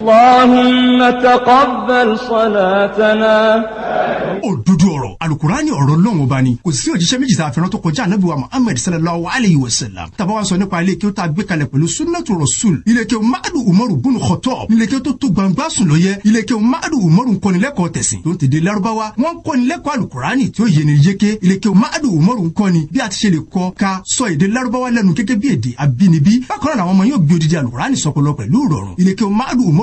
Allahumma taqabbal salatana. Òdodo ọ̀rọ̀ Alukurani ọ̀rọ̀ lọ́wọ́ bá ni. Kò sí òjíṣẹ́ méjì tá a fẹ́ràn tó kọjá ànábì wa Muhammad sallallahu alayhi wa sallam. Tàbá wa sọ nípa ilé kí ó ta gbé kalẹ̀ pẹ̀lú Sunnatu Rasul. Ilé kí o Madu Umaru Bunu Kọ̀tọ̀. Ilé kí o tó tó gbangba sùn lọ yẹ. Ilé kí o Madu Umaru nkọ́nilẹ́kọ̀ọ́ tẹ̀sìn. Tó ń tẹ̀dé Lárúbáwá. Wọ́n kọ́nilẹ́kọ̀ọ́ Alukurani tí ó yé ni yéké. Ilé kí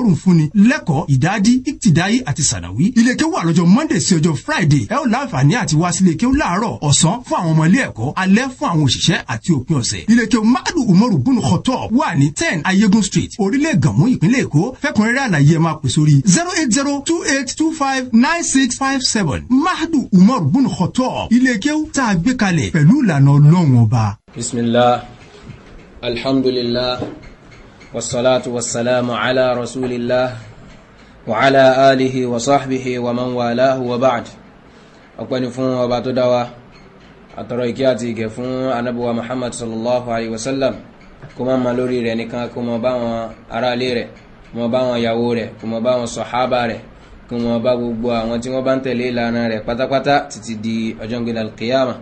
ìkọ́rùn fúnni lẹ́kọ̀ọ́ ìdádí ìtìdáyé àti sànàwí iléekéwú wà lọ́jọ́ monday sí ọjọ́ friday ẹ ó láǹfààní àti wá sí iléekéwú láàárọ̀ ọ̀sán fún àwọn ọmọ ilé ẹ̀kọ́ alẹ́ fún àwọn òṣìṣẹ́ àti òpin ọ̀sẹ̀ iléekéwú madu umaru bunu kọtọ wà ní ten ayégun street orílẹ̀ gànmú ìpínlẹ̀ èkó fẹ́kùnrẹ́rẹ́ àlàyé máa pè sórí zero eight zero two eight two five nine six five seven madu umaru bunu kọtọ iléekéwú tá a gbé kalẹ̀ pẹ̀lú ìlànà ọlọ́run ọba. bisimilah alhamdulilah. والصلاة والسلام على رسول الله وعلى آله وصحبه ومن والاه وبعد أقبل فون وبعد دوا أترويكياتي كفون أنبوى محمد صلى الله عليه وسلم كما مالوري رنكا كما باوا أرالي ري كما باوا ياوري كما باوا صحابة ري kí wọn bá gbogbo àwọn tí wọn bá ń tẹ̀lé ìlànà rẹ̀ pátápátá títí di ọjọ́ ìgbéra kìyàmà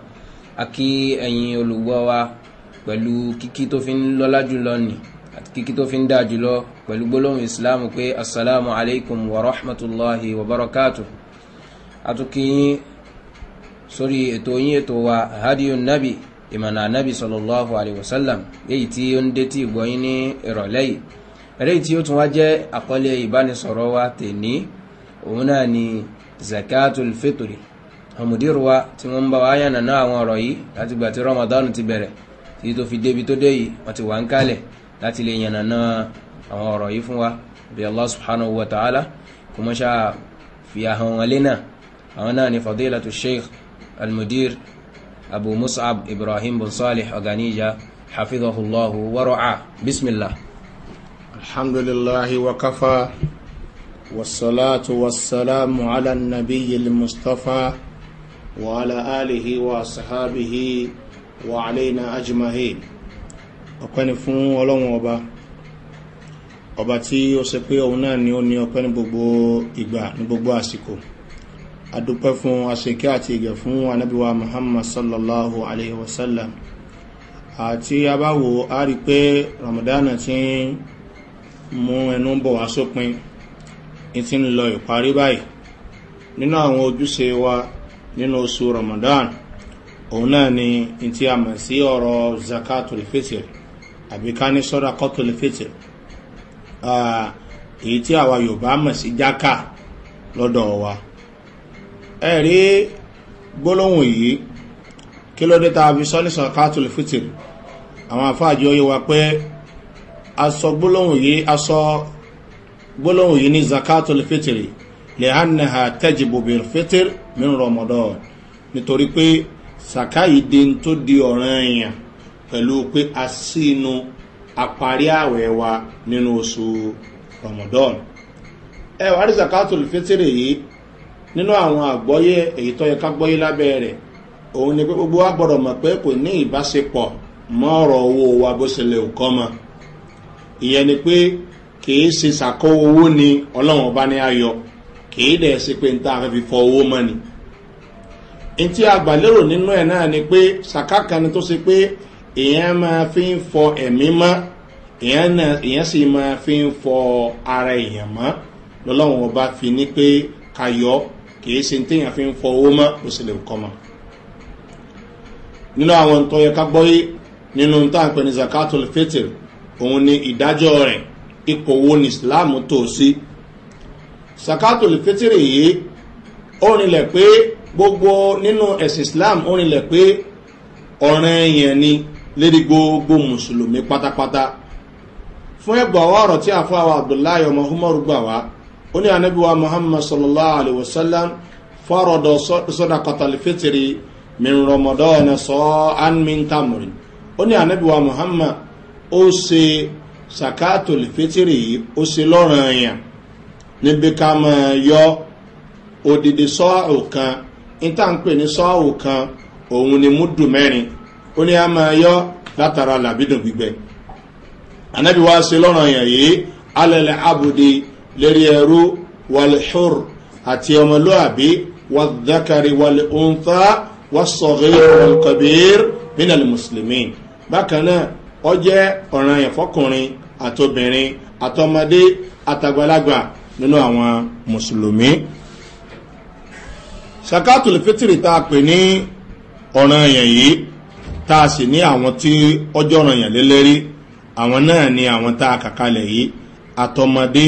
a kí ẹ̀yin olùgbọ́ wa pẹ̀lú kíkí tó fi ń lọ́lá jùlọ nì kíkí tó fi ń dáa jùlọ pẹ̀lú gbólóhùn ìsìláàmù pé assalamu alaikum wa rahmatulahi wa barakatuh atukiyin sórí ètò yín ètò wa hadiyun nabi ìmọ̀nà nabi sallallahu alaihi wasallam èyí tí ó ń dé tí ìgbọ́yín ní ìrọ̀lẹ́ yìí eré tí ó tún wá jẹ́ àkọlé wa tèní òun náà ni zakatul fitri ọmọdéru wa tí wọ́n bá wa yànnà náà àwọn ọ̀rọ̀ yìí láti gbà ramadan ti bẹ̀rẹ̀ tí tó fi débi tó dé yìí wọ́n ti wà ń kálẹ̀ láti lè yànnà náà àwọn ọ̀rọ̀ yìí fún wa bí allah subhanahu wa ta'ala kò mọ́ ṣáà fi àhàn wọn lé náà àwọn náà ni fadila fadilatu sheikh al-mudir abu mus'ab ibrahim bin salih oganija hafidhahullahu wara'a bismillah. الحمد لله وكفى والصلاة والسلام على النبي المصطفى وعلى آله وأصحابه وعلينا أجمعين ọ̀pẹ́ ni fún ọlọ́run ọba ọba tí ó ṣe pé òun náà ni ó ní ọpẹ́ ní gbogbo ìgbà ní gbogbo àsìkò adúpẹ́ fún aṣèké àti ìgẹ̀ fún anábíwá muhammad sallallahu alayhi wa sallam àti abáwo a rí pé ramadan ti ń mú ẹnu bọ̀ wá sópin ti ń lọ ìparí báyìí nínú àwọn ojúṣe wa nínú oṣù ramadan òun náà ni ti a mọ̀ sí ọ̀rọ̀ zakatul fitr àbí ká ní sọ́dà kọ́tòlì fìtì èyí tí àwa yorùbá mọ̀ sí jákà lọ́dọ̀ wa ẹ rí gbólóhùn yìí kí ló dé tá a fi sọ́ ní sọ́dà kọ́tòlì fìtì àwọn afáàjọ yìí wa pé aṣọ gbólóhùn yìí aṣọ gbólóhùn yìí ní zakatol fitiri lè hànà ha tẹ́jì bòbí fitir mi rọmọdọ́ nítorí pé sàkáyìí di tó di ọ̀ràn èèyàn pẹ̀lú pé a sí inú àparí ààwẹ̀ wa nínú oṣù ramadan ẹ wà rí fitiri yìí nínú àwọn àgbọ́yé èyí tó yẹ ká gbọ́yé lábẹ́ rẹ̀ òun ni pé gbogbo wa gbọ́dọ̀ mọ̀ pé kò ní ìbáṣepọ̀ mọ́ ọ̀rọ̀ owó wa bó ṣe lè kọ́ mọ́ ìyẹn ni pé kìí ṣe ṣàkó owó ni ọlọ́run ní ayọ̀ kìí dẹ̀ ṣe pé ni. ntí agbàlérò nínú ẹ̀ náà ni pé ṣàkàkànni tó ṣe èèyàn máa fi ń fọ ẹ̀mí mọ́ èèyàn sì máa fi ń fọ ara èèyàn mọ́ lọ́lọ́run ọba fi ní pé kayọ́ kìí ṣe téèyàn fi ń fọ owó mọ́ ó sì lè kọ́ mọ́ nínú àwọn tó yẹ ká gbọ́yé nínú tá à ní zakatul fitr òun ni ìdájọ́ rẹ̀ ipò wo ni islam tó sí zakatul fitr yìí ó rinlẹ̀ pé gbogbo nínú ẹ̀sìn islam ó rinlẹ̀ pé ọ̀ràn èèyàn ni lédi gbogbo mùsùlùmí pátápátá fún ẹgbà wa ọ̀rọ̀ tí àfọ́ àwọn abdullahi ọmọ umaru gbà wá ó ní anábíwá muhammad sallallahu alaihi wasallam fọ́rọ̀dọ̀ sọ́dà kọtàlífẹ́tìrì min ramadan sọ anmin tamuri ó ní anábíwá muhammad ó ṣe sàkátòlífẹ́tìrì ó ṣe lọ́rùn ẹ̀yàn níbi ká máa yọ òdìdí sọ́ọ̀ kan ìtàǹpẹ̀ ní sọ́ọ̀ òun ni múdù mẹ́rin ó ní a máa yọ́ látara làbídùn gbígbẹ anabi wa ṣe lọ́rọ̀ yẹn yìí alẹ́lẹ́ abudi lérí ẹrú walhur àti ọmọlúàbí wàdàkàrí walhunfa wàsọ̀rẹ́ walkabir minal musulmi bákan náà ọ jẹ́ ọ̀ràn yẹn fọkùnrin àtobìnrin àtọmọdé àtàgbàlagbà nínú àwọn mùsùlùmí sakatul fitiri tá pè ní ọ̀ràn yẹn yìí tá a sì ní àwọn tí ọjọ́ ranyàn lélẹ́rí àwọn náà ni àwọn tá a kàkalẹ̀ yìí àtọmọdé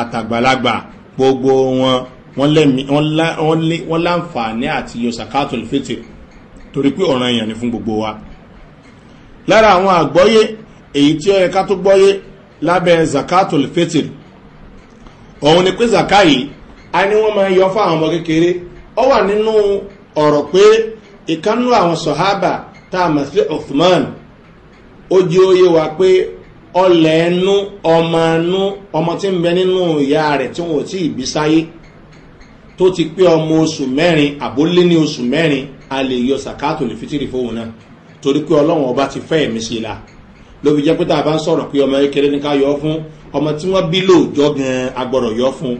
àtàgbàlagbà gbogbo wọn wọ́n láǹfààní àti yosakato lfete torí pé ọ̀ràn èèyàn ni fún gbogbo wa lára àwọn àgbọ́yé èyí tí ó tó gbọ́yé lábẹ́ zakato lfete òun ni pé zaka yìí a ní wọ́n máa yọ fún àwọn ọmọ kékeré ọ wà nínú ọ̀rọ̀ pé ìkánú àwọn sọ̀hábà táàmà sí uthman ó jẹ́ óyé wa pé ọlẹ̀ ẹnu ọmọ ẹnu ọmọ tí ń bẹ nínú ìyá rẹ̀ tí wọn ò tí ì bí sáyé tó ti pé ọmọ oṣù mẹ́rin àbólé ní oṣù mẹ́rin a lè yọ sàkáàtò lè fitiri fóun náà torí pé ọlọ́run ọba ti fẹ́ ẹ̀mí sí i la ló fi jẹ́ pé tá a bá ń sọ̀rọ̀ pé ọmọ kékeré ní ká yọ ọ́ fún ọmọ tí wọ́n bí lóòjọ́ gan-an agbọ́dọ̀ yọ ọ́ fún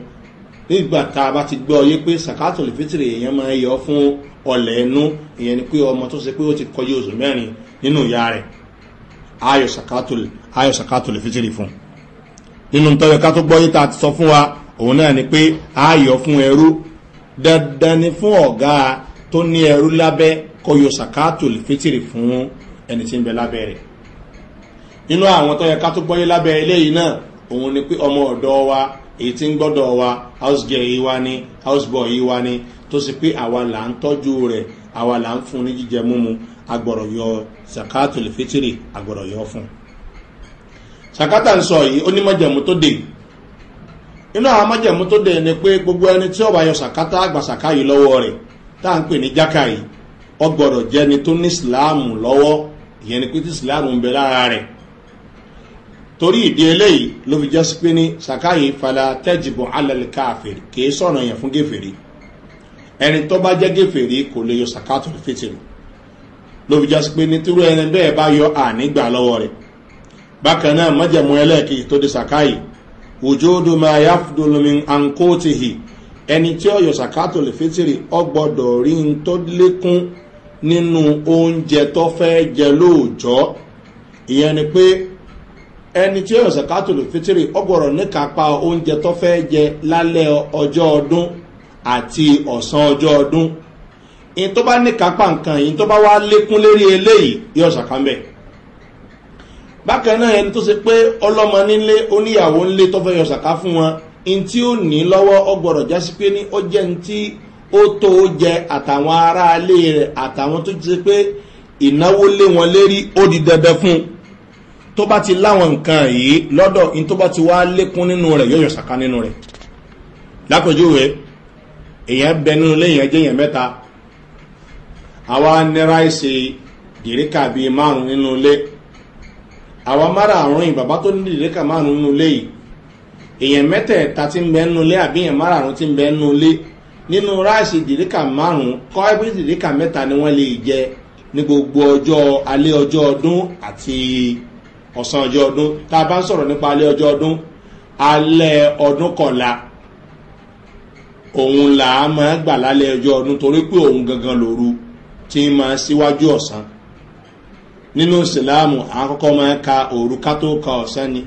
nígbà tá a bá ti gbọ́ ọ yé pé sàkátò lè fitiri èèyàn máa yọ fún ọ̀lẹ̀ ẹnu ìyẹn ni pé ọmọ tó ṣe pé ó ti kọjú oṣù mẹ́rin nínú ìyá rẹ̀ ayọ̀ sàkátò lè fitiri fún nínú tọ́jọ́ ká tó gbọ́ yé tá a ti sọ fún wa òun náà ni pé ayọ̀ fún ẹrú dandan ni fún ọ̀gá tó ní ẹrú lábẹ́ kọyọ sàkátò lè fún ẹni tí ń bẹ lábẹ́ rẹ̀ nínú àwọn tọ́jọ́ ká tó gbọ́ yé lábẹ́ eléyìí náà òun ni pé ọmọ ọ̀dọ́ wa èyí ti ń gbọ́dọ̀ wa house girl yìí wá ní house boy yìí wá ní tó sì àwa là ń tọ́jú rẹ̀ àwa là ń fún ní jíjẹ múmu agbọ̀rọ̀ yọ sàkátù lè agbọ̀rọ̀ yọ fún. sàkátà ń sọ yìí pé gbogbo ẹni tí ọba yọ sàkátà àgbà yìí lọ́wọ́ rẹ̀ tá à ń pè ní yìí ọgbọ̀rọ̀ tó ní lọ́wọ́ ìyẹn ni pé tí ń torí ìdí eléyìí ló fi jásí pé ní sàkáyì fala tẹ́jìbọ̀ alẹ́lẹ́ káàfèrè kìí sọ̀rọ̀ yẹn fún gèfèrè ẹni tó bá jẹ́ gèfèrè kò lè yọ sàkáàtò fìtìrì ló fi jásí pé ní tírú ẹni bẹ́ẹ̀ bá yọ ànígbà lọ́wọ́ rẹ̀ bákan náà mọ́jẹ̀mú ẹlẹ́ẹ̀kejì tó di sàkáyì òjòòdù máa yá fúdolomi ànkóòtìhì ẹni tí ó yọ sàkáàtò fìtìrì ọ rí n ìyẹn ni pé ẹni tí yóò zakatulu fitiri ọgbọ̀rọ̀ níkapa oúnjẹ tó fẹ́ jẹ lálẹ́ ọjọ́ ọdún àti ọ̀sán ọjọ́ ọdún in tó bá níkapa nǹkan yìí tó bá wá lékún lérí eléyìí yóò sàkánbẹ̀ bákan náà ẹni tó ṣe pé ọlọ́mọ nílé oníyàwó nílé tó fẹ́ yọ sàká fún wọn in tí ó ní lọ́wọ́ ọgbọ̀rọ̀ jásí pé ní ó jẹ́ ní tí ó tó jẹ àtàwọn aráalé rẹ̀ àtàwọn tó ti ṣe pé ìnáwó lé wọn lérí ó di dandan fún un tó bá ti láwọn nǹkan yìí lọ́dọ̀ in tó bá ti wá lékún nínú rẹ̀ yóò yọ̀ sàká nínú rẹ̀ lápèjúwe èèyàn bẹ nínú léèyàn jẹ́yàn mẹ́ta àwa nira ìṣe ìríkà bíi márùn nínú ilé àwa mára àrùn yìí bàbá tó ní ìríkà márùn nínú ilé yìí èèyàn mẹ́tẹ̀ẹ̀ta ti ń bẹ nínú ilé àbí èèyàn mára àrùn ti ń bẹ nínú ilé nínú ráìsì ìdíríkà márùn kọ́ ẹbí ìdíríkà mẹ́ta ni wọ́n lè jẹ ní gbogbo ọjọ́ alẹ́ ọjọ́ ọdún àti ọ̀sán ọjọ́ ọdún tá a bá ń sọ̀rọ̀ nípa alẹ́ ọjọ́ ọdún alẹ́ ọdún kọ̀la òun là á máa gbà lálẹ́ ọjọ́ ọdún torí pé òun gangan lòru tí ń máa síwájú ọ̀sán nínú ìsìláàmù àkọ́kọ́ máa ka òru ká tó ka ọ̀sán ni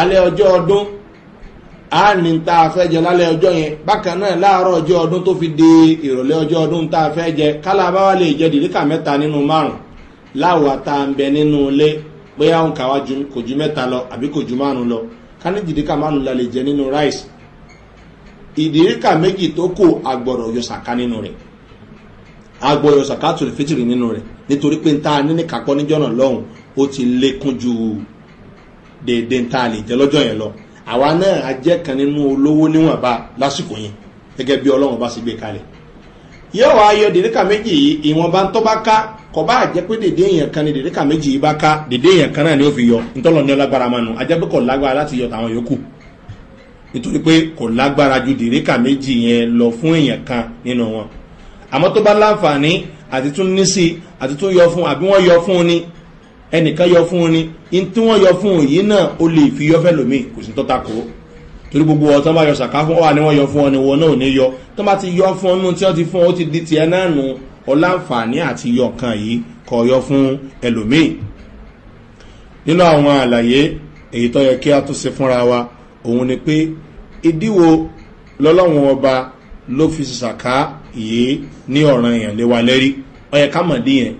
alẹ́ ọjọ́ ọdún a ní ta lálẹ́ ọjọ́ yẹn bákan náà láàárọ̀ ọjọ́ ọdún tó fi de ìrọ̀lẹ́ ọjọ́ ọdún bóyá òun kà wá ju kò ju mẹ́ta lọ àbí kò ju márùn lọ ká ní dìdíkà márùn la lè jẹ nínú rice ìdìríkà méjì tó kù agbọ̀rọ̀ yọ̀sàká nínú rẹ̀ agbọ̀rọ̀ yọ̀sàká tó lè fitiri nínú rẹ̀ nítorí pé nta níní kakọ́ níjọ́ náà lọ́hùn ó ti lékún ju dèédé nta lè jẹ́ lọ́jọ́ yẹn lọ àwa náà a jẹ́ kan nínú olówó níwọ̀nba lásìkò yẹn gẹ́gẹ́ bí ọlọ́run bá sì gbé kalẹ̀ yẹ́wàá ayọ̀ dìríkà méjì yìí ìwọ̀nba ń ká kò bá jẹ́ pé dèdè èèyàn kan ni dèdè kà méjì yìí bá ká dèdè èèyàn kan náà ni ó fi yọ ntọ́lọ́ ní ọlágbára máa nù ajẹ́ pé kò lágbára láti yọ tàwọn yòókù nítorí pé kò lágbára ju dèdè kà méjì yẹn lọ fún èèyàn kan nínú wọn àmọ́ tó bá láǹfààní àti tún ní sí àti tún yọ fún àbí wọ́n yọ fún un ni ẹnìkan yọ fún un ni in tí wọ́n yọ fún un yìí náà ó lè fi yọ fẹ́ lómi kò sí tọ́ta kó torí gbogbo ọ tán bá yọ sàká ọ wà ní wọ́n yọ fún ọ ni wọn náà ò ní yọ tán bá ti yọ fún ọ nù tí wọ́n ti fún ọ ó ti di tiẹ̀ náà nù ọláǹfààní àti yọkan yìí kọ̀ọ̀yọ fún ẹlòmíì nínú àwọn àlàyé èyí tó yẹ kí a tún ṣe fúnra wa òun ni pé ìdíwo lọ́lọ́run ọba ló fi ṣàká yìí ní ọ̀ràn èèyàn léwa lẹ́rí ọyẹ ká mọ̀ dí yẹn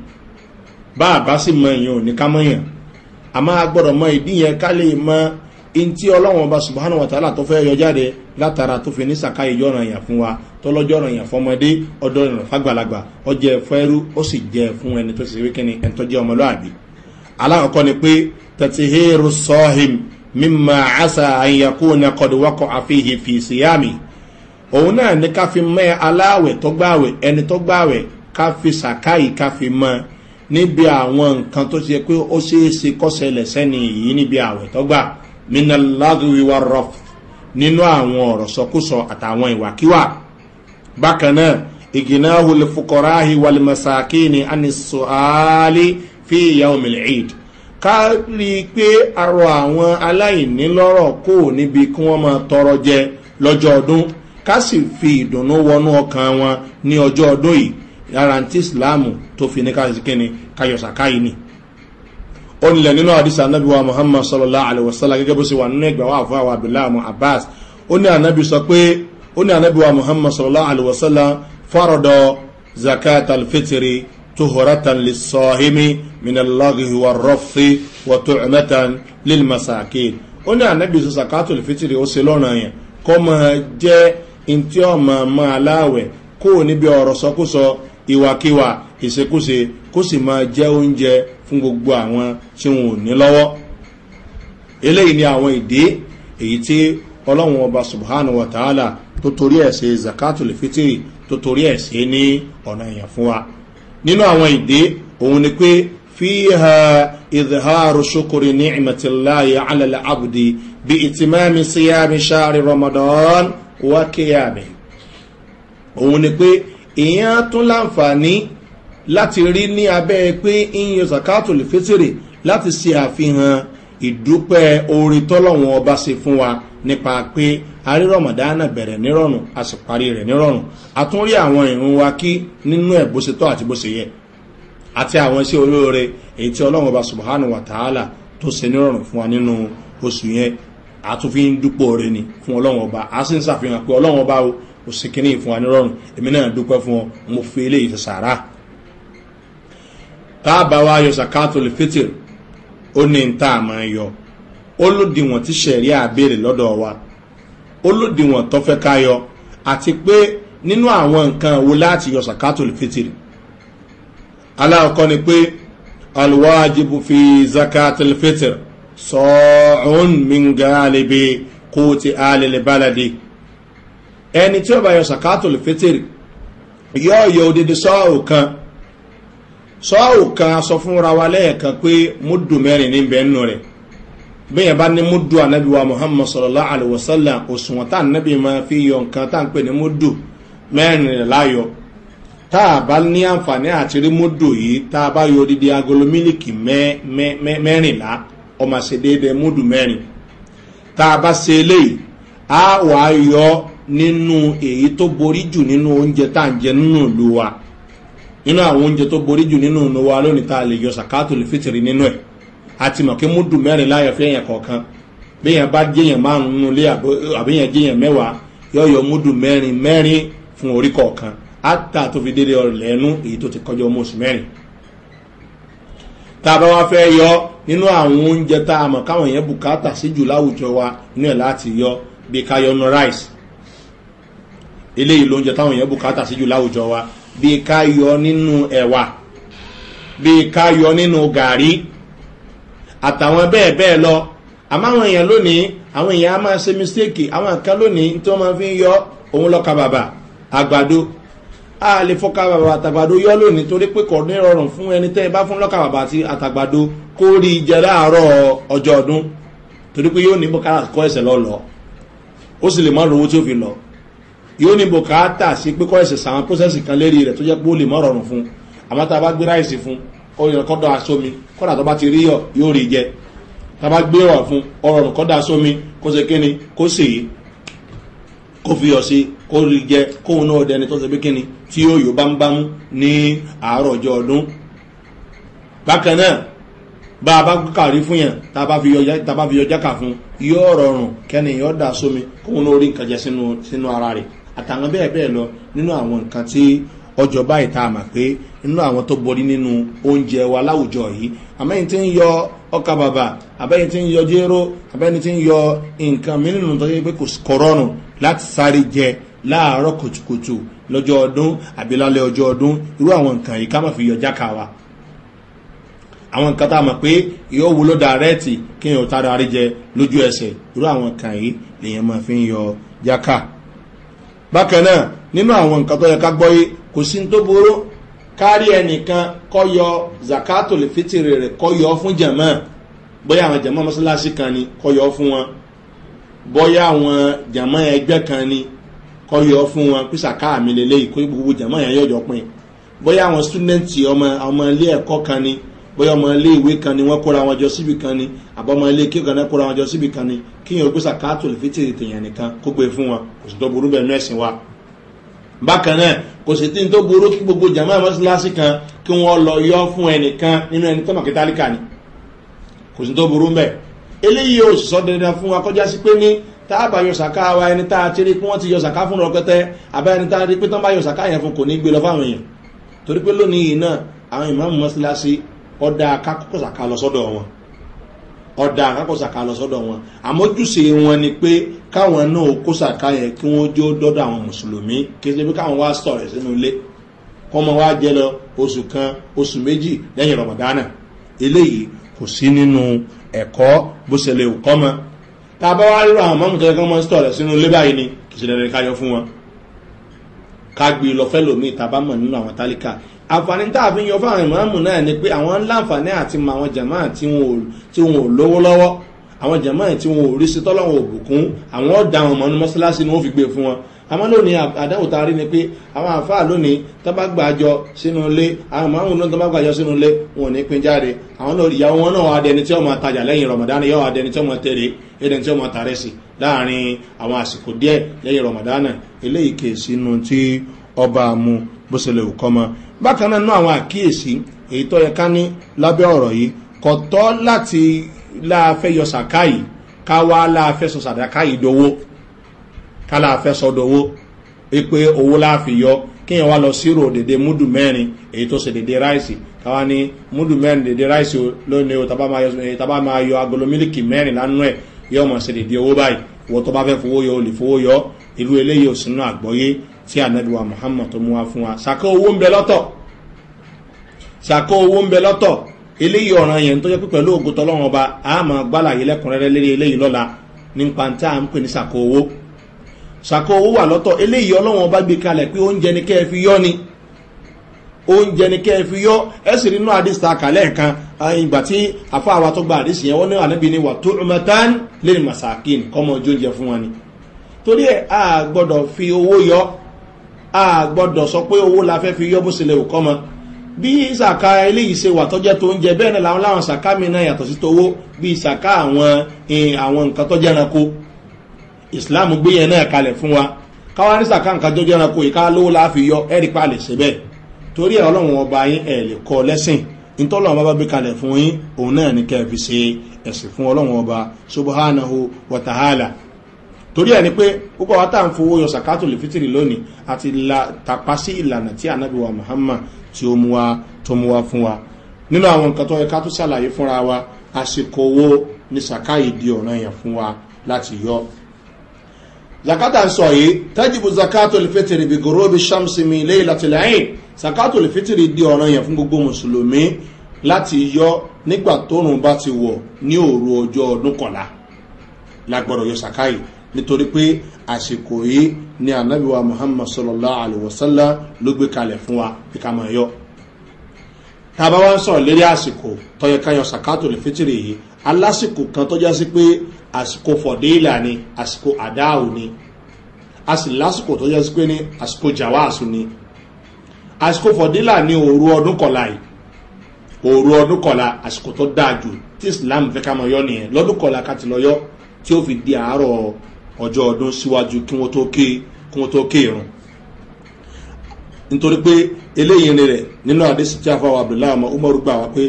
bá a bá sì mọ èèyàn ò ní ká mọ̀ yẹn àmọ́ a gbọ́dọ̀ mọ ìdí yẹn ká lè mọ ntí ọlọ́wọ́n ọba subahana wa ta'ala tó fẹ́ yọ jáde látara tó fi ní saka ìjọ ọ̀ràn yàn fún wa tọ́lọ́jọ́ ọ̀ràn yàn fọmọdé ọdọ́ ìrìn fàgbàlagbà ọjẹ́ fẹ́rú ó sì jẹ́ fún ẹni tó ṣe wí kíni ẹni tó jẹ́ ọmọlúwàbí. alákọ̀ọ́kọ́ ni pé tẹ̀tíhìrù sọ́hìm mímọ àṣà àyànkú ní akọ̀dùwọ́kọ̀ àfihì fi síyàmì. òun náà ní ká fi mẹ́ aláwẹ̀ tó gbàwẹ̀ ẹni tó gbàwẹ̀ ká fi saka yìí ká fi mọ́ níbi àwọn nǹkan tó ṣe pé ó ṣeé ṣe kọ́ṣẹlẹ̀ sẹ́ni yìí níbi àwẹ̀ tó gbà minalagwi wa rọp nínú àwọn ọ̀rọ̀ sọkúsọ àtàwọn ìwàkíwà bákan náà ìgìnáhù lè fukọ̀rá ìwàlì masaki ni a ní sọ́ọ́lì fi ìyá omìnir eid ká rí i pé arọ àwọn aláìní lọ́rọ̀ kò níbi kí wọ́n máa tọrọ jẹ lọ́jọ́ ọdún ká fi ìdùnnú wọnú ọkàn wọn ní ọjọ́ ọdún yìí yàrá tí tó fi ní ká sí kíni káyọ̀sàkáyìí ó nílẹ̀ nínú àdìsá anábì wa muhammad sallallahu alayhi wa sallam gẹ́gẹ́ bó ṣe wà nínú ìgbà wà fún àwọn abdullahi abbas ó ní anábì sọ pé ó ní anábì wa muhammad sallallahu alayhi wa sallam fárọ̀dọ̀ zakat alfitiri tuhuratan lisahimi minalagihi wa rọfi wa tucmatan lilmasakin ó ní anábì sọ zakat alfitiri ó ṣe lọ́nà yẹn kó máa jẹ́ ntí ọmọ máa láwẹ̀ kó o níbi ọ̀rọ̀ sọkúsọ ìwàkiwà ìṣekúṣe kó sì máa jẹ́ oúnjẹ fún gbogbo àwọn tí wọn ò ní lọ́wọ́ eléyìí ni àwọn ìdí èyí tí ọlọ́run ọba subhanahu wa ta'ala tó torí ẹ̀ ṣe zakatul fitiri tó torí ẹ̀ ṣe ní ọ̀nà èèyàn fún wa nínú àwọn ìdí òun ni pé fíhà ìdíhàrú ṣokòrè ní ìmọ̀tìláyà alẹ́lẹ́ abudi bí ìtìmẹ́mi síyámi ṣáàrí ramadan wákìyàmì òun ni pé ìyẹn tún láǹfààní láti rí ní abẹ́ pé ìyẹn zakato lè fẹ́sẹ̀rè láti ṣe àfihàn ìdúpẹ́ orin tọ́lọ́wọ́n ọba ṣe fún wa nípa pé arí rọmọdánà bẹ̀rẹ̀ nírọ̀rùn a sì parí rẹ̀ nírọ̀rùn a tún rí àwọn ìrún wa kí nínú ẹ̀ bó ṣe tọ́ àti bó ṣe yẹ àti àwọn iṣẹ́ olóore èyí tí ọlọ́run ọba subhanahu wa ta'ala tó ṣe nírọ̀rùn fún wa nínú oṣù yẹn a ń dúpọ̀ rẹ̀ ni fún ọlọ́run ọba a sì ń ṣàfihàn pé ọlọ́run ọba o kò sí wa nírọ̀rùn èmi náà dúpẹ́ fún ọ mo fi eléyìí ti sàrà táàbà wa yọ zakatul fitr ó ní n tá a máa yọ ó lòdìwọ̀n tí sẹ̀ríà béèrè lọ́dọ̀ wa ó lòdìwọ̀n tó fẹ́ ká yọ àti pé nínú àwọn nǹkan wo láti yọ zakatul fitr aláàkọ́ ni pé alwajibu fi zakatul fitr sọ̀ọ́n mingaalibi kó ti alẹ́lẹ́ báladi ẹni tí ó bá yọ zakatul fitr yóò yọ odidi sọ́ọ̀ kan sọ́ọ̀ kan sọ fúnra wa lẹ́ẹ̀kan pé múdù mẹ́rin ní bẹ́ẹ̀ nù rẹ̀ bẹ́ẹ̀ bá ní múdù anábìwá muhammad sallallahu alayhi wa sallam òṣùwọ̀n tá anábì máa fi yọ nǹkan tá à ń pè ní múdù mẹ́rin rẹ̀ láyọ̀ tá a bá ní àǹfààní àti rí múdù yìí tá a bá yọ odidi agolo mílìkì mẹ́rìnlá ọmọ ṣe déédéé múdù mẹ́rin tá a bá ṣe eléyìí a wàá yọ nínú èyí tó borí jù nínú oúnjẹ tá à inú àwọn oúnjẹ tó borí jù nínú ìnáwó wa lónìí tá a lè yọ sàkáàtò lè fìtìrì nínú ẹ̀ àti mọ̀ kí múdù mẹ́rin láyọ̀ fẹ́ yẹn kọ̀ọ̀kan bí yẹn bá jẹ́yàn márùn-ún nulẹ̀ àbí yẹn jẹ́yàn mẹ́wàá yọ yọ múdù mẹ́rin mẹ́rin fún orí kọ̀ọ̀kan átà tó fi dédé ọ̀rọ̀ lẹ́nu èyí tó ti kọjọ́ ọmọ oṣù mẹ́rin tá a bá wá fẹ́ yọ nínú àwọn oúnjẹ tá a mọ̀ káwọn yẹn bùkátà sí jù láwùjọ wa inú ẹ̀ láti yọ bí ká yọnu rice eléyìí lóúnjẹ táwọn yẹn bùkátà sí jù láwùjọ wa bí ká yọ nínú ẹ̀wà bí ká yọ nínú gàrí àtàwọn bẹ́ẹ̀ bẹ́ẹ̀ lọ àmọ́ àwọn èèyàn lónìí àwọn èèyàn á máa ṣe mistake àwọn kan lónìí tí wọ́n máa fi ń yọ òun lọ́ka bàbà àgbàdo a lè fọ́ka bàbà àtàgbàdo yọ lónìí torí pé kò ní rọrùn fún ẹni tẹ́ ẹ bá fún lọ́ka bàbà àti àtàgbàdo kó rí jẹ láàárọ̀ ọjọ́ ọdún torí pé yóò ní bọ́kárà kọ́ ẹsẹ̀ lọ lọ ó sì lè má lówó tí ó fi lọ yóò ní bùkátà sí pé kọ́ ẹ̀sẹ̀ sàwọn pósẹ̀sì kan lérí rẹ̀ tó jẹ́ pé ó lè mọ́ rọrùn fún àmọ́ tá a bá gbé ráìsì fún ó yẹ kọ́dọ̀ asomi kọ́dà tó bá ti rí yọ yóò rí jẹ tá a bá gbé wà fún ọrọ̀rùn kọ́dà asomi kó se kíni kó sè é kó fi yọ sí kó rí jẹ kóun náà dẹni tó ṣe pé kíni tí yóò yọ bámbámú ní àárọ̀ ọjọ́ ọdún bákan náà bá a bá kàrí fún yẹn tá a bá fi yọ jákà fún yóò rọrùn kẹ́ni yóò dà sómi kóun náà rí nǹkan jẹ sínú ara rẹ̀ àtàwọn bẹ́ẹ̀ bẹ́ẹ̀ lọ nínú àwọn nǹkan tí ọjọ́ báyìí tá a mà pé nínú àwọn tó borí nínú oúnjẹ wa láwùjọ yìí àmẹ́yìn tí ń yọ ọkà bàbà àbẹ́yìn tí ń yọ jéró àbẹ́yìn tí ń yọ nǹkan mìíràn nínú tó yẹ pé kò kọ́rọ́nù láti sáré jẹ láàárọ̀ kùtùkùtù lọ́jọ́ ọdún àbí lálẹ́ ọjọ́ ọdún irú àwọn nǹkan yìí ká má fi yọ jáka wa àwọn nǹkan tá a mọ̀ pé yóò wúlò dàrẹ́ẹ̀tì kéèyàn tára rí jẹ lójú ẹsẹ̀ irú àwọn nǹkan yìí lèèyàn máa fi ń yọ jáka bákan náà nínú àwọn nǹkan tó yẹ ká gbọ́ yé kò sí tó burú kárí ẹnìkan kọ́ yọ zakato lè fitiri rẹ̀ kọ́ yọ fún jẹ̀mọ́ bóyá àwọn jẹ̀mọ́ mọ́sálásí kan ni kọ́ yọ fún wọn bóyá àwọn jẹ̀mọ́ ẹgbẹ́ kan ni kọ́ yọ fún wọn pé sàká mi lélẹ́yìí kó gbogbo jẹ̀mọ́ yẹn yọjọ pin bóyá àwọn sítúdẹ̀ǹtì ọmọ ọmọ ilé ẹ̀kọ́ kan ni bóyá ọmọ ilé ìwé kan ni wọ́n kóra wọn jọ síbi kan ni àbọ̀mọ ilé kíkan kóra wọn jọ síbi kan ni kíyàn ó gbé sàkáàtò lẹ́fẹ̀tì tèèyàn nìkan kó gbé fún wọn kò sì tó burú bẹ́ẹ̀ mẹ́sìn wa bákan náà kò sì tí ń tó burú kí gbogbo jàmá mọ́síláṣí kan kí wọ́n lọ yọ fún ẹnìkan nínú ẹni tó màkítá líkà ni kò sì tó burú mbẹ́ eléyìí ò sọ dandan fún wa kọjá sí pé ní tá a bá yọ sàká wa ẹni tá a ti rí pé wọ́n ti yọ sàká fún rọpẹtẹ àbá ẹni tá a rí pé tán bá yọ sàká yẹn fún kò ní gbé lọ fáwọn èèyàn torí pé lónìí yìí náà àwọn ìmáàmù mọ́síláṣí ọ̀dà kákókò sàká lọ sọ́dọ̀ wọn ọ̀dà àkàkọ́sàkà lọ sọ́dọ̀ wọn àmójúṣe wọn ni pé káwọn náà kọ́sàkà yẹn kí wọ́n jó dọ́dọ̀ àwọn mùsùlùmí kí ṣe pé káwọn wá sọ̀rọ̀ sínú ilé kọ́mọ wá jẹ lọ oṣù kan oṣù méjì lẹ́yìn rọ̀mọ̀dánà eléyìí kò sí nínú ẹ̀kọ́ bó ṣe lè kọ́mọ tá a bá wá rírọ àwọn mọ́mùtẹ́lẹ́kọ́ mọ́ sọ̀rọ̀ sínú ilé báyìí ni kì ká gbé lọ fẹ́lòmíì tá a bá mọ̀ nínú àwọn tálíkà àǹfààní tá a fi yan fáwọn ìmọ̀ọ́mù náà ni pé àwọn láǹfààní àti mọ àwọn jàmá tí wọn ò lówó lọ́wọ́ àwọn jàmá tí wọn ò rí sí tọ́lọ́wọ̀n òbùkún àwọn ọ̀dà àwọn ọmọ ní ni wọ́n fi gbé fún wọn àmọ́ lónìí àdáwò tá a rí ni pé àwọn àfáà lónìí tó bá gbàjọ sínú ilé àwọn márùn náà tó bá gbàjọ sínú ilé wọn ò ní pin jáde àwọn náà ìyàwó wọn náà adẹni tí wọn máa tajà lẹ́yìn rọmọdánù yóò adẹni tí wọn máa tẹ̀lé ẹdẹni tí wọn máa tàrẹ́ sí láàrin àwọn àsìkò díẹ̀ lẹ́yìn rọmọdánù eléyìí kè sínú tí ọba mu bó ṣe lè kọ́ mọ́ bákan náà nú àwọn àkíyèsí kálá fẹ́ sọdọ̀ owó pé owó láàfin yọ kíyàn wá lọ sírò dèdè múdù mẹ́rin èyí tó ṣe dèdè ráìsì káwá ní múdù mẹ́rin dèdè ráìsì lónìí o tàbá ma eh, yọ agolo mílíkì mẹ́rin lánú ẹ̀ yọ mọ̀ ṣe dèdè owó báyìí wọ́n tó bá fẹ́ fowó yọ olè fowó yọ irú eléyìí ò sínú àgbọ́yé tí ànábìwá muhammad tó mú wa fún wa ṣàkó owó ń bẹ lọ́tọ̀ ṣàkó owó ń bẹ lọ́tọ̀ eléyìí ọ̀ràn yẹn tó yẹ pé pẹ̀lú ògùtọ̀ ọlọ́run ọba àmọ́ lẹ́kùnrẹ́rẹ́ lérí sàkó owó wà lọ́tọ̀ eléyìí ọlọ́wọ́n bá gbé kalẹ̀ pé oúnjẹ ni kẹ́ẹ̀ fi yọ́ ni oúnjẹ ni kẹ́ẹ̀ fi yọ́ ẹ sì nínú àdìsí ta kàlẹ́ kan ìgbà tí àfa àwa tó gba àdìsí yẹn wọ́n ní ànábì ni wà tó ọmọtán lè ní masakin kọ́mọ ojú oúnjẹ fún wọn ni torí ẹ a gbọ́dọ̀ fi owó yọ a gbọ́dọ̀ sọ pé owó la fẹ́ fi yọ bó ṣẹlẹ̀ òkọ́ mọ́ bí ìsàká eléyìí ṣe wà tọ́jẹ́ tó ń jẹ bẹ́ẹ̀ ni làwọn láwọn ṣàká mi náà yàtọ̀ sí towó bí ìsàká eh, àwọn nǹkan tọ́jẹ́ ẹranko islam gbé yẹn náà kalẹ̀ fún wa káwá ní sàkáǹkà jọjọ ẹranko ìka lówó láàfin yọ ẹ̀rí pa lè ṣe bẹ́ẹ̀ torí ẹ̀ ọlọ́run ọba yín ẹ̀ lè kọ́ lẹ́sìn ntọ́lọ́run bá bá gbé kalẹ̀ fún yín òun náà ní kẹ́ẹ̀ fi ṣe ẹ̀sìn fún ọlọ́run ọba subahánahu wàtàhálà torí ẹ̀ ni pé púpọ̀ wá tá à ń fowó yọ sàkátù lè fitiri lónìí àti tàpá sí ìlànà tí anábìwá muhammad tí ó mú wa tó mú wa fún wa nínú àwọn nǹkan tó yẹ ká tó ṣàlàyé fúnra wa àsìkò owó ní sàkáyìí di ọ̀ràn yẹn fún wa láti yọ zakata sọ yìí tẹ́jìbù zakato lifitiri bí gorobi shamsi mi ilé ìlàtìlẹ́yìn zakato lifitiri di ọ̀ràn yẹn fún gbogbo mùsùlùmí láti yọ nígbà tóorùn bá ti wọ̀ ní òru ọjọ́ ọdún kọ̀la lágbọ́dọ̀ yọ sakayi nítorí pé àsìkò yìí ni anabiwa muhammad sallallahu alayhi wa sallam ló gbé kalẹ̀ fún wa bí ká máa yọ. tá a bá àsìkò tọ́yẹ ká yọ sakato lifitiri yìí alásìkò kan tọ́já sí pé àsìkò fọ̀déèlà ni àsìkò àdáàwò ni a sì lásìkò tọ́já sí pé ní àsìkò jàwáàsù ni àsìkò fọ̀déèlà ni òru ọdún kọ̀la yìí òru ọdún kọ̀la àsìkò tó dáa jù tí islam fẹ́ ká mọ yọ nìyẹn lọ́dún kọ̀la ká ti lọ yọ tí ó fi di àárọ̀ ọjọ́ ọdún síwájú kí wọ́n tó ké kí wọ́n tó ké irun nítorí pé eléyìí rẹ̀ nínú àdéṣe tí a abdullahi ọmọ umar gbà wá pé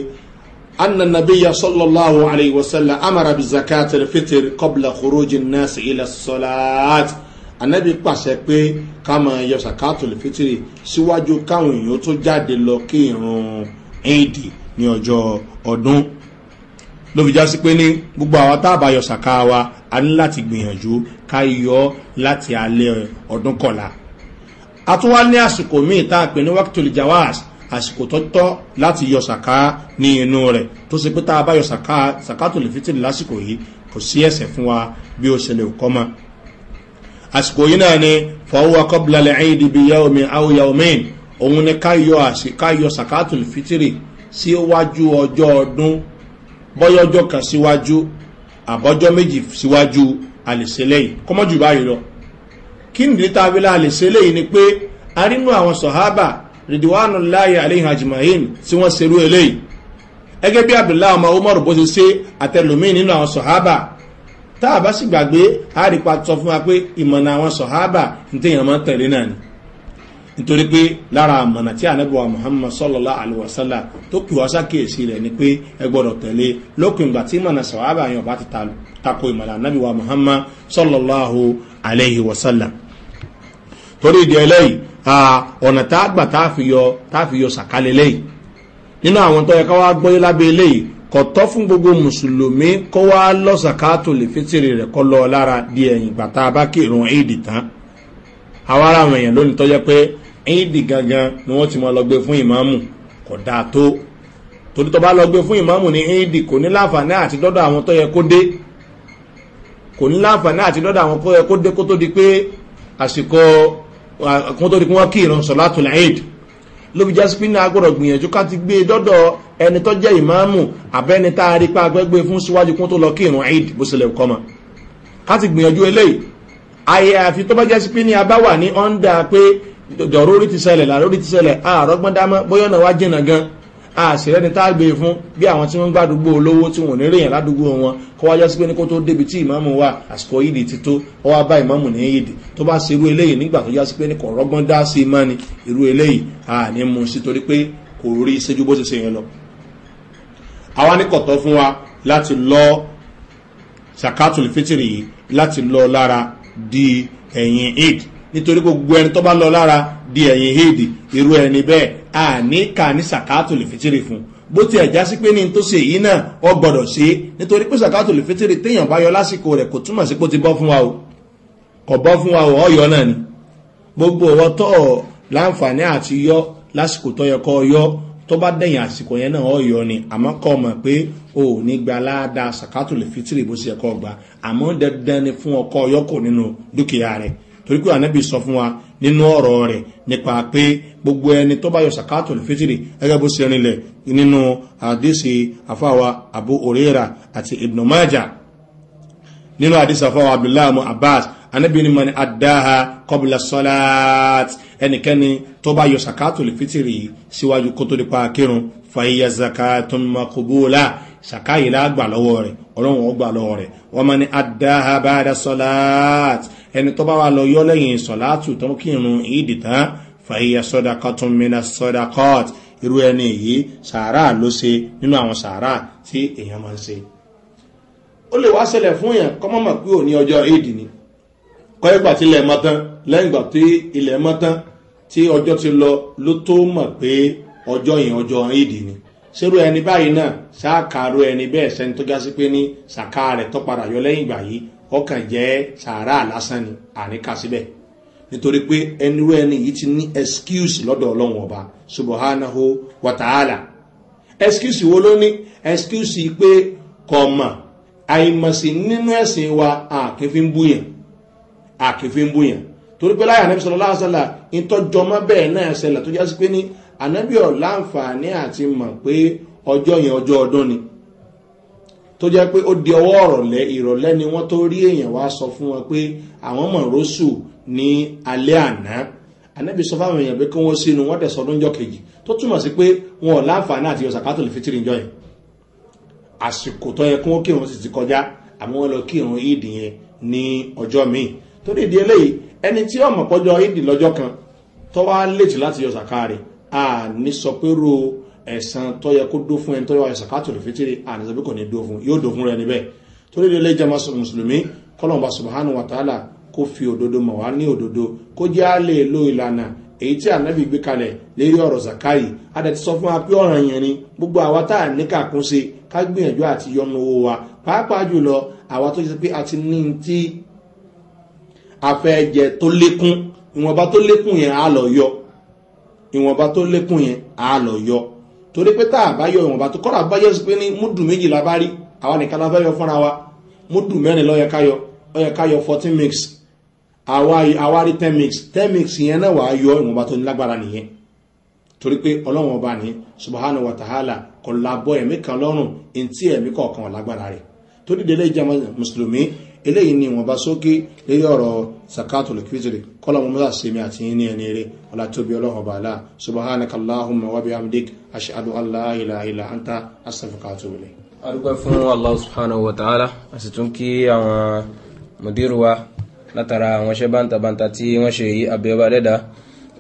أن النبي صلى الله عليه وسلم أمر بزكاة الفطر قبل خروج الناس إلى الصلاة anabi pàṣẹ pé ká máa yọ sàkátùlù fitiri síwájú káwọn èèyàn tó jáde lọ kí irun éèdì ní ọjọ́ ọdún ló fi já sí pé ní gbogbo àwa tá a bá yọ sàká wa a ní láti gbìyànjú ká yọ láti alẹ́ ọdún kọ̀la a tún wá ní àsìkò míì tá a pè ní wákìtòlì jawaas àsìkò tó tọ́ láti yọ sàká ní inú rẹ̀ tó ṣe pé tá a bá yọ sàká sàká tó lè fitiri lásìkò yìí kò sí ẹsẹ̀ fún wa bí ó ṣe lè kọ́ mọ́. àsìkò yìí náà ni fọwọ́ kọ́bùlálẹ̀ ẹ̀yìn ìdìbò yẹ omi àwòyà omi òun ni ká yọ sàká tó lè fitiri síwájú ọjọ́ ọdún bọ́yọ́jọ́ kan síwájú àbọ́jọ́ méjì síwájú àlèṣeléyìí kọ́mọ́jù báyìí lọ kí nìdí tá a fi lá àlèṣeléyìí ni pé arínú àwọn sọ̀hábà rìdíwánu láàyè àlẹ́yìn àjùmáyìn si wọ́n seru eléyìí ege bí abdullahi ọmọ umar bó ṣe ṣe àtẹlùmíì nínú àwọn sọ̀hábà tá a bá sì gbàgbé àrípa sọ fún wa pé ìmọ̀nà àwọn kpe ní téèyàn máa sahaba tẹ̀lé náà ni nítorí pé lára àmọ̀nà tí ànábọ̀wá muhammad sọlọ́lá tó kì wá sákèésí rẹ̀ ni pé ẹ gbọ́dọ̀ tẹ̀lé lókun ìgbà tí ìmọ̀nà yẹn ti tako ìmọ̀nà muhammad torí ìdí ẹlẹ́yìí ọ̀nà tá a gbà tá a fi yọ tá a fi yọ sàkálẹ̀ lẹ́yìn nínú àwọn tó yẹ ká wá gbọ́yé lábẹ́ eléyìí kò tọ́ fún gbogbo mùsùlùmí kó wá lọ́sàkátò lè fitiri rẹ̀ kọ́ lọ lára di ẹ̀yìn bàtà bá kírun éèdì tán àwa ara àwọn èèyàn lónìí tọ́jọ́ pé éèdì gangan ni wọ́n ti máa lọ gbé fún ìmáàmù kò dáa tó torí tó bá lọ gbé fún ìmáàmù ní éèdì kò ní láǹfààní àti dọ́dọ̀ àwọn tó yẹ kó dé kò ní láǹfààní àti dọ́dọ̀ àwọn tó yẹ kó dé kó tó di pé àsìkò kún tó di kí wọ́n kí ìran sọ̀lá tó láìd ló fi jásí pínlẹ̀ agbọ́dọ̀ gbìyànjú ká ti gbé e dọ́dọ̀ ẹni tó jẹ́ ìmáàmù àbẹ́ni tá a rí pa agbẹ́gbẹ́ e fún síwájú kún tó lọ kí ìran eid bó ṣẹlẹ̀ kọ́ mọ́ ká ti gbìyànjú eléyìí ayé àfi tó bá jásí pínlẹ̀ abáwà ní ọ́ndà pé dọ̀rọ̀ orí ti ṣẹlẹ̀ làrórí ti ṣẹlẹ̀ àrọ́gbọ́n dámọ́ bóyá ọ̀nà wá jìnnà gan-an àṣìrẹ́ni tá a gbé e fún bí àwọn tí wọ́n ń gbàdúgbò olówó tí wọ́n nírè yẹn ládùúgbò wọn kó wájá sí pé ní kó tó débi tí ìmáàmù wà àsìkò yìdì ti tó ọ wá bá ìmáàmù ní yìdì tó bá ṣerú eléyìí nígbà tó já sí pé ní kò rọ́gbọ́n dá sí i ni irú eléyìí a ní mu sí torí pé kò rí iṣẹ́jú bó ṣe ṣe yẹn lọ. àwa ní kọ̀tọ́ fún wa láti lọ sakatul fitiri yìí láti lọ lára di ẹ̀yìn eid nítorí gbogbo ẹni tó bá lọ lára di ẹ̀yìn héèdì irú ẹni bẹ́ẹ̀ a ní ká ní sàkáàtò lè fitiri fún bó ti ẹ̀já sí pé ní tó ṣe èyí náà ọ gbọ́dọ̀ ṣe é nítorí pé sàkáàtò lè fitiri téèyàn bá yọ lásìkò rẹ̀ kò túmọ̀ sí pé ó ti bọ́ fún wa o kò bọ́ fún wa o ọ̀yọ́ náà ni gbogbo ọwọ́ tó láǹfààní àti yọ lásìkò tó yẹ kọ́ yọ tó bá dẹ̀yìn àsìkò yẹn náà ọ̀yọ́ ni àmọ́ kọ́ mọ̀ pé o ò ní gba aláàdá sàkáàtò lè fitiri bó ṣe ẹ̀kọ́ gbà àmọ́ dandan ni fún ọkọ̀ ọyọ́kọ̀ nínú dúkìá rẹ̀ torí pé ànábì sọ fún wa nínú ọ̀rọ̀ rẹ̀ nípa pé gbogbo ẹni tó bá yọ sàkáàtò lè fitiri gẹ́gẹ́ bó ṣe rinlẹ̀ nínú àdéṣe àfáwa abu orera àti ibnu maja nínú àdéṣe àfáwa abdullahi abbas anabi ni mani adaha kọbula sọlaat ẹnikẹni tó bá yọ sakato lè fitiri síwájú kótó nípa kírun fàyíyà zakato makobola sakayi la gbà lọwọ rẹ ọlọrun ọgbà lọwọ rẹ wọn mani adaha bada sọlaat ẹni tó bá wà lọ yọ lẹ́yìn sọ̀láàtù tó kírun ìdì tán fàyíyà sọ́dakọ́ tún mìíràn sọ́dakọ́ irú ẹni yìí sàárà ló ṣe nínú àwọn sàárà tí èèyàn máa ń ṣe. ó lè wá ṣẹlẹ̀ fún èèyàn kọ́ mọ̀mọ̀ pé òní ọjọ́ ìdì ni kọ́ ìgbà tí ilẹ̀ mọ́ tán lẹ́yìn ìgbà tí ilẹ̀ mọ́ tán tí ọjọ́ ti lọ ló tó mọ̀ pé ọjọ́ yẹn ọjọ́ ìdì ni ṣerú ẹni báyìí náà ṣáàkàrú ẹni bẹ́ẹ̀ sẹ́ni tó já sí pé ní ṣàkà rẹ̀ tó padà yọ lẹ́yìn ìgbà yìí ọkàn jẹ́ sàárà lásán ni àníkà síbẹ̀ nítorí pé ẹniwé ẹni yìí ti ní excuse lọ́dọ̀ ọlọ́run ọba subahánahu wàtàhálà excuse wo ló ní excuse pé kọ̀ọ̀mà àìmọ̀sí nínú ẹ̀sìn wa àkínfín búyàn àkínfín búyàn torí pé láyà anábì sọlọ́lá àṣàlà ìtọ́jọmọ́ bẹ́ẹ̀ náà ṣẹlẹ̀ tó jásí pé ní anábì ọ̀ láǹfààní àti mọ̀ pé ọjọ́ yẹn ọjọ́ ọdún ni tó jẹ́ pé ó di ọwọ́ ọ̀rọ̀lẹ́ ìrọ̀lẹ́ ni wọ́n tó rí èèyàn wá sọ fún wọn pé àwọn mọ̀ rósù ní alẹ́ àná ànábì sọ fáwọn èèyàn pé kí wọ́n sínú wọ́n tẹ̀sọ́ lóúnjọ́ kejì tó túmọ̀ sí pé wọn ò láǹfààní àti ọ̀sàkátò lè fi tìrì jọ yẹn àsìkò tó yẹ kí wọ́n kírun sì ti kọjá àmọ́ wọn lọ kírun ìdì yẹn ní ọjọ́ míì torí ìdí eléyìí ẹni tí ọmọ pọ́jọ ìdì lọ́jọ́ kan tọ́wá létí láti yọ sàkárì à sọ pé ro ẹ̀san tó yẹ kó dó fún ẹni tó yọ ẹ̀sàn kátó lè fitiri àníṣe bí kò ní dó fún yóò dó fún rẹ níbẹ̀ torí ilé ilé jama mùsùlùmí kọlọmba subhanahu wa ta'ala kó fi òdodo mọ̀ wá ní òdodo kó jẹ́ á lè lo ìlànà èyí tí ànábì gbé kalẹ̀ lérí ọ̀rọ̀ zakai adẹ̀tí sọ fún wa pé ọ̀ràn yẹn ni gbogbo àwa tá à ní kàkún sí ká gbìyànjú àti yọnu owó wa pàápàá jùlọ àwa tó ṣe pé a ti ní tí afẹ́jẹ tó lékún ìwọ̀nba tó lékún yẹn á lọ yọ ìwọ̀nba tó lékún yẹn á lọ yọ torí pé tá a bá yọ ìwọ̀nba tó kọ́ra bá yẹ́sí pé ní múdù méjì la bá rí àwa nìkan la fẹ́ yọ fúnra wa múdù mẹ́rin lọ́yẹ káyọ ọyẹ káyọ fourteen mix àwa àwa rí ten mix ten mix yẹn náà wàá yọ ìwọ̀nba tó ní lágbára nìyẹn torí pé ọlọ́wọ́n ọba ní subahana wa ta'ala kò labọ́ ẹ̀mí kan lọ́rùn ntí ẹ̀mí kọ̀ọ̀kan lágbára rẹ̀ tó dìde lè jẹ́ mùsùlùmí eléyìí ni ìwọ̀nba sókè lórí ọ̀rọ̀ zakatul fitr kọ́lọ̀ mọ́ mọ́sá sèmi àti yín ní ẹni eré ọlá tóbi ọlọ́run ọba àlá subhanaka allahumma wa bihamdik ashhadu an la ilaha illa anta astaghfiruka wa atubu ilayk. a dúpẹ́ fún allah subhanahu wa ta'ala a sì tún kí àwọn mùdírù wa látara àwọn iṣẹ́ bántabanta tí wọ́n ṣe yí abẹ́ọ́bá dẹ́dá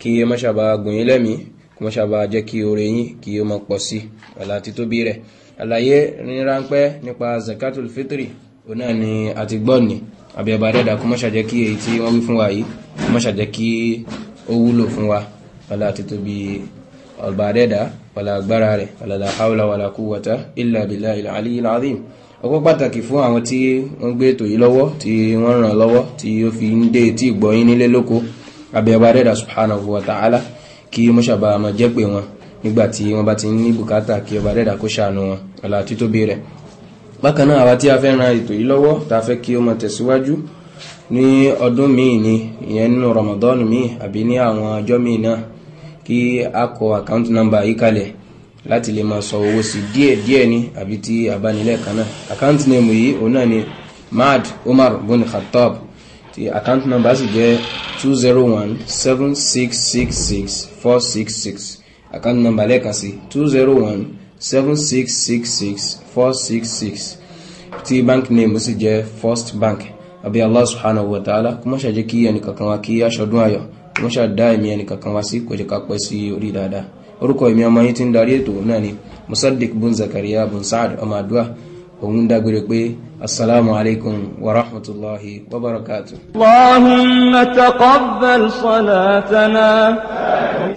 kí mọ́ṣàbà gùn yín lẹ́mìí kí mọ́ṣàbà jẹ́ kí oore yín kí ó mọ pọ̀ sí ọ̀la títóbi rẹ̀ àlàyé ní ráńpẹ́ nípa zakatul fitri òun náà ni àti gbọ́ọ̀nì àbí ọba dẹ́dà kó mọ́ṣàjẹ́ kí èyí tí wọ́n wí fún wa yìí mọ́ṣàjẹ́ kí ó wúlò fún wa wàlá àtútù bí ọba dẹ́dà wàlá agbára rẹ̀ wàlá làhàwùlà wàlá kúwàtà ilà bìlà ilà àlì ilà àdìm ọkọ́ pàtàkì fún àwọn tí wọ́n gbé ètò yìí lọ́wọ́ tí wọ́n ràn lọ́wọ́ tí ó fi ń dé tí ìgbọ́yìn nílé lóko àbí ọba dẹ́dà subhanahu wa ta'ala kí mọ́ṣàbà máa jẹ́ pé wọn nígbà tí wọ́n bá ti ní bùkátà kí ọba dẹ́dà kó ṣàánú wọn wàlá àtútù bí rẹ̀ bákan náà àwa tí a fẹ́ ran ètò yìí lọ́wọ́ tá fẹ́ kí ó máa tẹ̀síwájú ní ọdún míì ni ìyẹn nínú Ramadan míì àbí ní àwọn ọjọ́ míì náà kí a kọ account number yìí kalẹ̀ láti lè máa sọ owó sí díẹ̀ díẹ̀ ni àbí tí abánilẹ̀ kan náà account name yìí òun náà ni Mad Umar bin Khattab ti account number sì jẹ́ two zero one seven six six six four six six account number lẹ́ẹ̀kan sí two zero one seven six six six four six six tí bank name sì jẹ́ first bank Abi allah subhanahu wa ta'ala kó má ṣàjẹ́ kí ẹnìkankan wa kí aṣọdún ayọ̀ kó má ṣàdá ẹ̀mí ẹnìkankan wa sí kó jẹ́ ká pẹ́ sí orí dáadáa orúkọ ẹ̀mí ọmọ yín ti ń darí ètò náà ni musaddiq bun zakariya bun saad ọmọ àdúrà òun dágbére pé assalamu alaikum wa rahmatullahi wa barakatuh. allahumma taqabbal salatana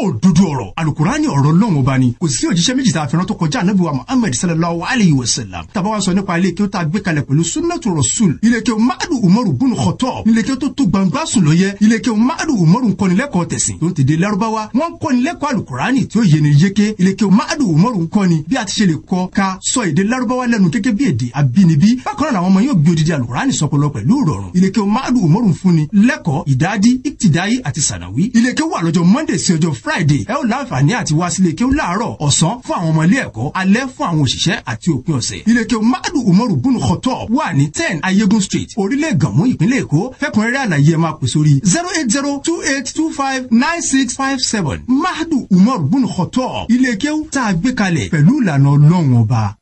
òdodo ọ̀rọ̀ alukurani ọ̀rọ̀ lọ́wọ́ bá ni kò sí òjíṣẹ́ méjì tá a fẹ́ràn tó kọjá anabi wa muhammed sallallahu alayhi wa sallam tàbá wa sọ nípa ilé kí ó kalẹ̀ pẹ̀lú sunnatu rasul ilé madu umaru bunu kọtọ ilé kí o tó tó gbangba sùn lọ yẹ ilé madu umaru nkọnilẹ́kọ̀ọ́ tẹ̀sìn tó ń tẹ̀dé larubawa wọn kọnilẹ́kọ̀ọ́ alukurani tí ó yẹni yeke ilé madu umaru nkọni bí a ti ṣe lè kọ ka sọ èdè larubawa lẹ́nu gẹ́gẹ́ bí èdè abínibí bákan náà àwọn ọmọ yóò gbé odidi alukurani sọpọlọ pẹ̀lú rọrùn ilé kí madu umaru fúnni lẹ́kọ̀ọ́ ìdádi ìtìdáyé àti sànàwí ilé kí o wà lọ́jọ́ monday sí ọjọ́ friday ẹ ó láǹfààní àti wá sílé kí ó láàárọ̀ ọ̀sán fún àwọn ọmọ ilé ẹ̀kọ́ alẹ́ fún àwọn òṣìṣẹ́ àti òpin ọ̀sẹ̀ ìlẹ̀kẹ̀ madu umaru bunu kọtọ wà ní ten ayégun street orílẹ̀ gànmú ìpínlẹ̀ èkó fẹ́kùnrẹ́rẹ́ àlàyé ẹ máa pè sórí zero eight zero two eight two five nine six five seven madu umaru bunu kọtọ ìlẹ̀kẹ̀ tá a gbé kalẹ̀ pẹ̀lú ìlànà ọlọ́run ọba.